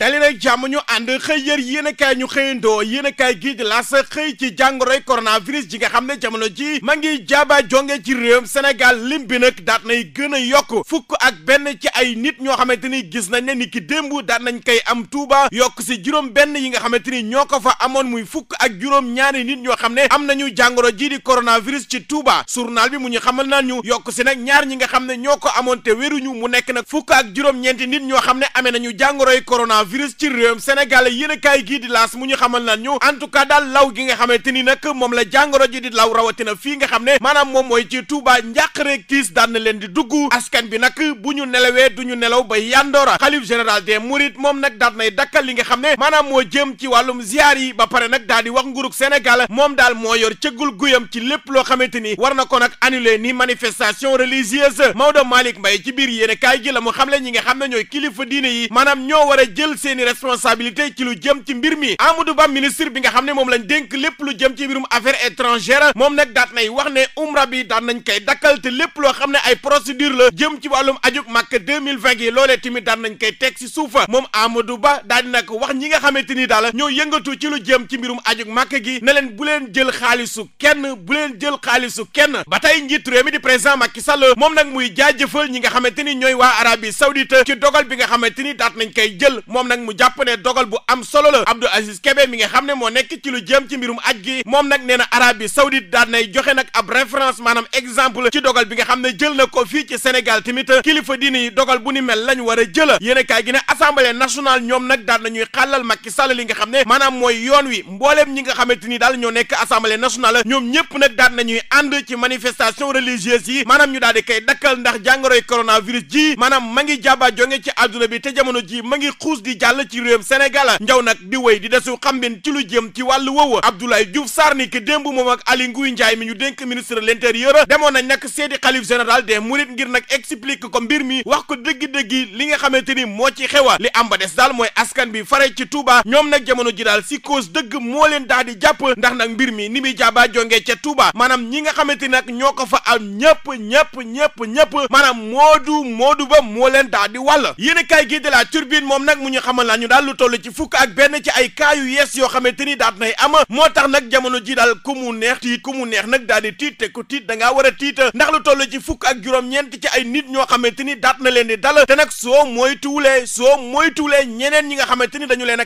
dali nag jàmm ñu ànd xëy yër yéenekaay ñu xëyandoo yéenekaay gii di sa xëy ci jàngoroy coronavirus ji nga xam ne jamono ji ma ngi jaaba jonge ci réewum Sénégal lim bi nag daat nay gën a yokk fukk ak benn ci ay nit ñoo xamante ni gis nañ ne ni ki démb daat nañ koy am Tuuba yokk si juróom benn yi nga xamante ni ñoo ko fa amoon muy fukk ak juróom ñaari nit ñoo xam ne am nañu jàngoro jii di coronavirus ci Tuuba journal bi mu ñu xamal naa ñu yokk si nag ñaar ñi nga xam ne ñoo ko amoon te wéruñu mu nekk nag fukk ak juróom-ñeenti nit ñoo xam ne amee nañu jàngoroy coronavirus coronavirus ci réewam Sénégal yéen a gii di laas mu ñu xamal naan ñu en tout cas daal law gi nga xamante ni nag moom la jàngoro ji di law rawatina fii nga xam ne maanaam moom mooy ci Touba njàqareeg tiis daan na leen di dugg askan bi nag bu ñu nelawee du ñu nelaw ba yandoora xalif général des mourides moom nag daan nay dakkal li nga xam ne maanaam moo jëm ci wàllum ziar yi ba pare nag daal di wax nguurug Sénégal moom daal moo yor cëggul guyam ci lépp loo xamante ni war na ko nag annulé ni manifestation religieuse Maodo Malick Mbaye ci biir yéen a kaay gi la mu xamle ñi nga xam ne ñooy kilifa diine yi maanaam ñoo a jël seeni responsabilité ci lu jëm ci mbir mi Amadou Ba ministre bi nga xam ne moom lañ dénk lépp lu jëm ci mbirum affaires étrangères moom nag daat nay wax ne umra bi daan nañ koy dakkal te lépp loo xam ne ay procédure la jëm ci wàllum ajug màkk 2020 yi loolee tamit daan nañ koy teg si suufa moom Amadou Ba daal di nag wax ñi nga xamante ni daal ñoo yëngatu ci lu jëm ci mbirum ajug màkk gi ne leen bu leen jël xaalisu kenn bu leen jël xaalisu kenn ba tey njiit réew mi di président Macky Sall moom nag muy jaajëfal ñi nga xamante ni ñooy waa Arabie Saoudite ci dogal bi nga xamante ni daat nañ koy jël moom nag mu jàpp ne dogal bu am solo la Abdou Aziz Kébé mi nga xam ne moo nekk ci lu jëm ci mbirum aj gi moom nag nee na Arabie Saoudite daan nay joxe nag ab référence maanaam exemple ci dogal bi nga xam ne jël na ko fii ci Sénégal tamit kilifa diini dogal bu ni mel lañ war a jëla yéen kaay gi ne assemblée nationale ñoom nag daan nañuy xàllal Macky Sall li nga xam ne maanaam mooy yoon wi mbooleem ñi nga xamante ni daal ñoo nekk assemblée nationale ñoom ñëpp nag daan nañuy ànd ci manifestation religieuse yi maanaam ñu daal di koy dakkal ndax jàngoroy coronavirus ji maanaam ma ngi jàbba jonge ci àdduna bi te jamono ji ma ngi xuus di jàll ci réewum Sénégal njaw nag di wéy di desu xambin ci lu jëm ci wàllu woowa Abdoulaye Diouf Sarr ni ki démb moom ak Aly Ngouille Ndiaye mi ñu dénk ministre de l'intérieur demoon nañ nag seeti xalif général des mourides ngir nag explique ko mbir mi wax ko dëgg-dëgg li nga xamante ni moo ci xewa li am ba des daal mooy askan bi fare ci Touba ñoom nag jamono ji daal si cause dëgg moo leen daal di jàpp ndax nag mbir mi ni muy jaaba jonge ca Touba maanaam ñi nga xamante nag ñoo ko fa am ñëpp ñëpp ñëpp ñëpp maanaam moodu moodu ba moo leen daal di wàll yéen a nag mu ñu xamal naa ñu daal lu toll ci fukk ak benn ci ay cas yu yees yoo xamante ni daat nay ama moo tax nag jamono ji daal ku mu neex tiit ku mu neex nag daal di tiit te ku ngaa war a tiit ndax lu toll ci fukk ak juróom-ñeent ci ay nit ñoo xamante ni daat na leen di dal te nag soo moytuwulee soo moytuwulee ñeneen ñi nga xamante ni dañu leen a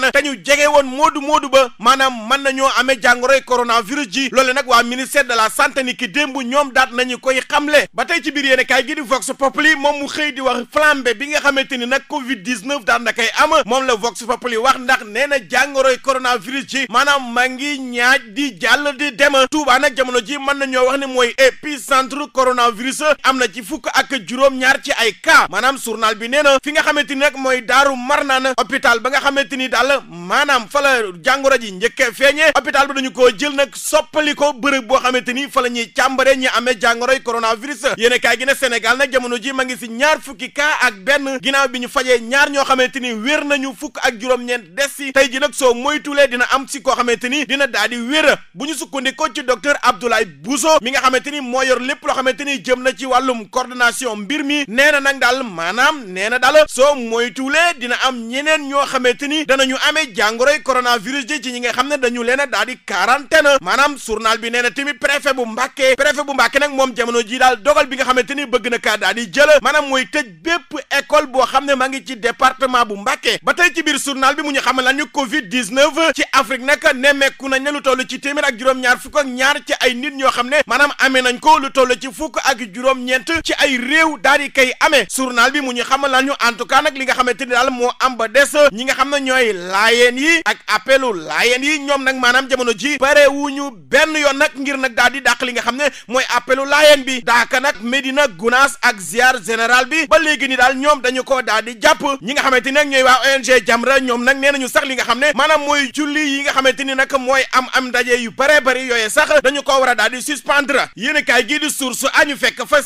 na te ñu jege woon moodu moodu ba maanaam mën ñoo amee jàngoroy coronavirus ji loole nag waa ministère de la santé ni ki démb ñoom daat nañu koy xamle ba tey ci biir yéen kaay gi di vox populi moom xëy di wax flambée bi nga xamante ni nag covid 19 daat na da koy am moom la Vox Populi wax ndax nee na jàngoroy coronavirus ji maanaam maa ngi ñaaj di jàll di dem Touba nag jamono ji mën ñoo wax ne mooy épicentre coronavirus am na ci fukk ak juróom-ñaar ci ay cas maanaam journal bi nee na fi nga xamante ni nag mooy Daaru Marnaan hôpital ba nga xamante ni daal maanaam fa la jàngoro ji njëkkee feeñee hôpital ba dañu koo jël nag soppali ko bërëb boo xamante ni fa la ñuy càmbare ñi amee jàngoroy coronavirus yéen a kaay gi ne Sénégal nag jamono ji ma ngi si ñaar fukki cas ak benn ginnaaw bi ñu fajee ñaar ñoo xamante ni wér nañu fukk ak juróom-ñeent des si tey ji nag soo moytulee dina am si koo xamante ni dina daal di wér bu ñu sukkandikoo ci docteur Abdoulaye Bousso mi nga xamante ni mooy yor lépp loo xamante ni jëm na ci wàllum coordination mbir mi nee na nag daal maanaam nee na daal soo moytulee dina am ñeneen ñoo xamante ni dana ñu amee jàngoroy coronavirus ji ci ñi xam ne dañu leen a daal di quarantaine maanaam journal bi nee na tamit préfet bu Mbàkke préfet bu Mbàkke nag moom jamono ji daal dogal bi nga xamante ni bëgg na kaa daal di jël maanaam mooy tëj bépp école xam ne ngi ci département bu Mbàkke ba tey ci biir journal bi mu ñu xamal la ni covid 19 ci Afrique nag nemmeeku nañ ne lu toll ci téeméer ak juróom-ñaar fukk ak ñaar ci ay nit ñoo xam ne maanaam amee nañ ko lu toll ci fukk ak juróom-ñeent ci ay réew daal di koy amee journal bi mu ñu xamal la ñu en tout cas nag li nga xamante ni daal moo am ba des ñi nga xam ne ñooy laayeen yi ak appelu laayeen yi ñoom nag maanaam jamono ji pare wuñu benn yoon nag ngir nag daal di dàq li nga xam ne mooy appelu laayeen bi daaka nag Médina Gounass ak ziar général bi ba léegi ni daal ñoom dañu ko daal ñi nga xamante nag ñoom nag nee nañu sax li nga xam ne maanaam mooy julli yi nga xamante ni nag mooy am am ndaje yu bare bari yooye sax ko war a daal di suspendre yéen kaay gii di source añu fekk fa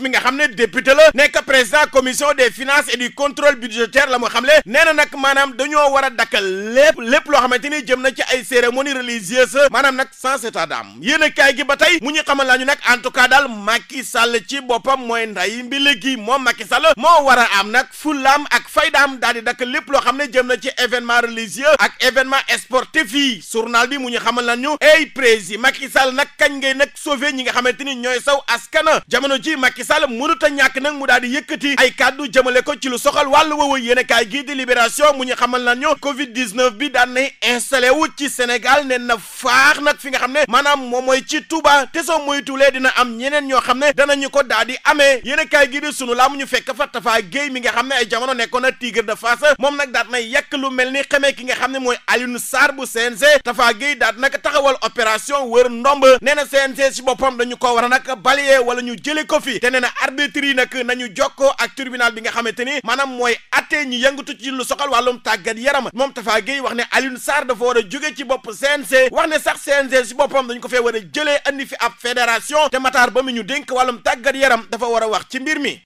mi nga xam ne député la nekk président commission des finances et du contrôle budgétaire xam le nee na nag maanaam dañoo war a dakkal lépp lépp loo xamante ni jëm na ci ay cérémonie religieuse maanaam nag sans état d'âme yéen kaay gi ba tey mu ñu xamal lañu nag en tout cas daal Macky Sall ci boppam mooy nday mbi léegi moom Macky Sall moo war a am nag laam ak faydaam daal daal di dakk lépp loo xam ne jëm na ci événement religieux ak événement sportif yi journal bi mu ñu xamal lan ñu ey prési Macky Sall nag kañ ngay nag sauvé ñi nga xamante ni ñooy saw askana jamono ji Macky Sall mënut a ñàkk nag mu daal di yëkkati ay kàddu jëmale ko ci lu soxal wàllu woowu yéen kaay gii di libération mu ñu xamal lan ñu covid 19 bi daan nay installé wu ci Sénégal ne na faax nag fi nga xam ne maanaam moom mooy ci Touba te soo moytuwulee dina am ñeneen ñoo xam ne danañu ko daal di amee yéen ñu fekk fa Tafa Gueye mi nga xam ne ay jamono nekkoon na tigre face moom nag daat na yàq lu mel ni xamee ki nga xam ne mooy Alioune Sarr bu CNG Tafa Gueye daat nag taxawal opération wër ndomb nee na CNG si boppam dañu ko war a nag balayer wala ñu jëlee ko fi te nee na yi nag nañu jokkoo ak tribunal bi nga xamante ni maanaam mooy atte ñu yëngatu ci lu soxal wàllum tàggat yaram moom Tafa Gueye wax ne Alioune Sarr dafa war a jóge ci bopp CNG wax ne sax CNG si boppam dañu ko fee war a jëlee andi fi ab fédération te Matar Ba mi ñu dénk wàllum tàggat yaram dafa war a wax ci mbir mi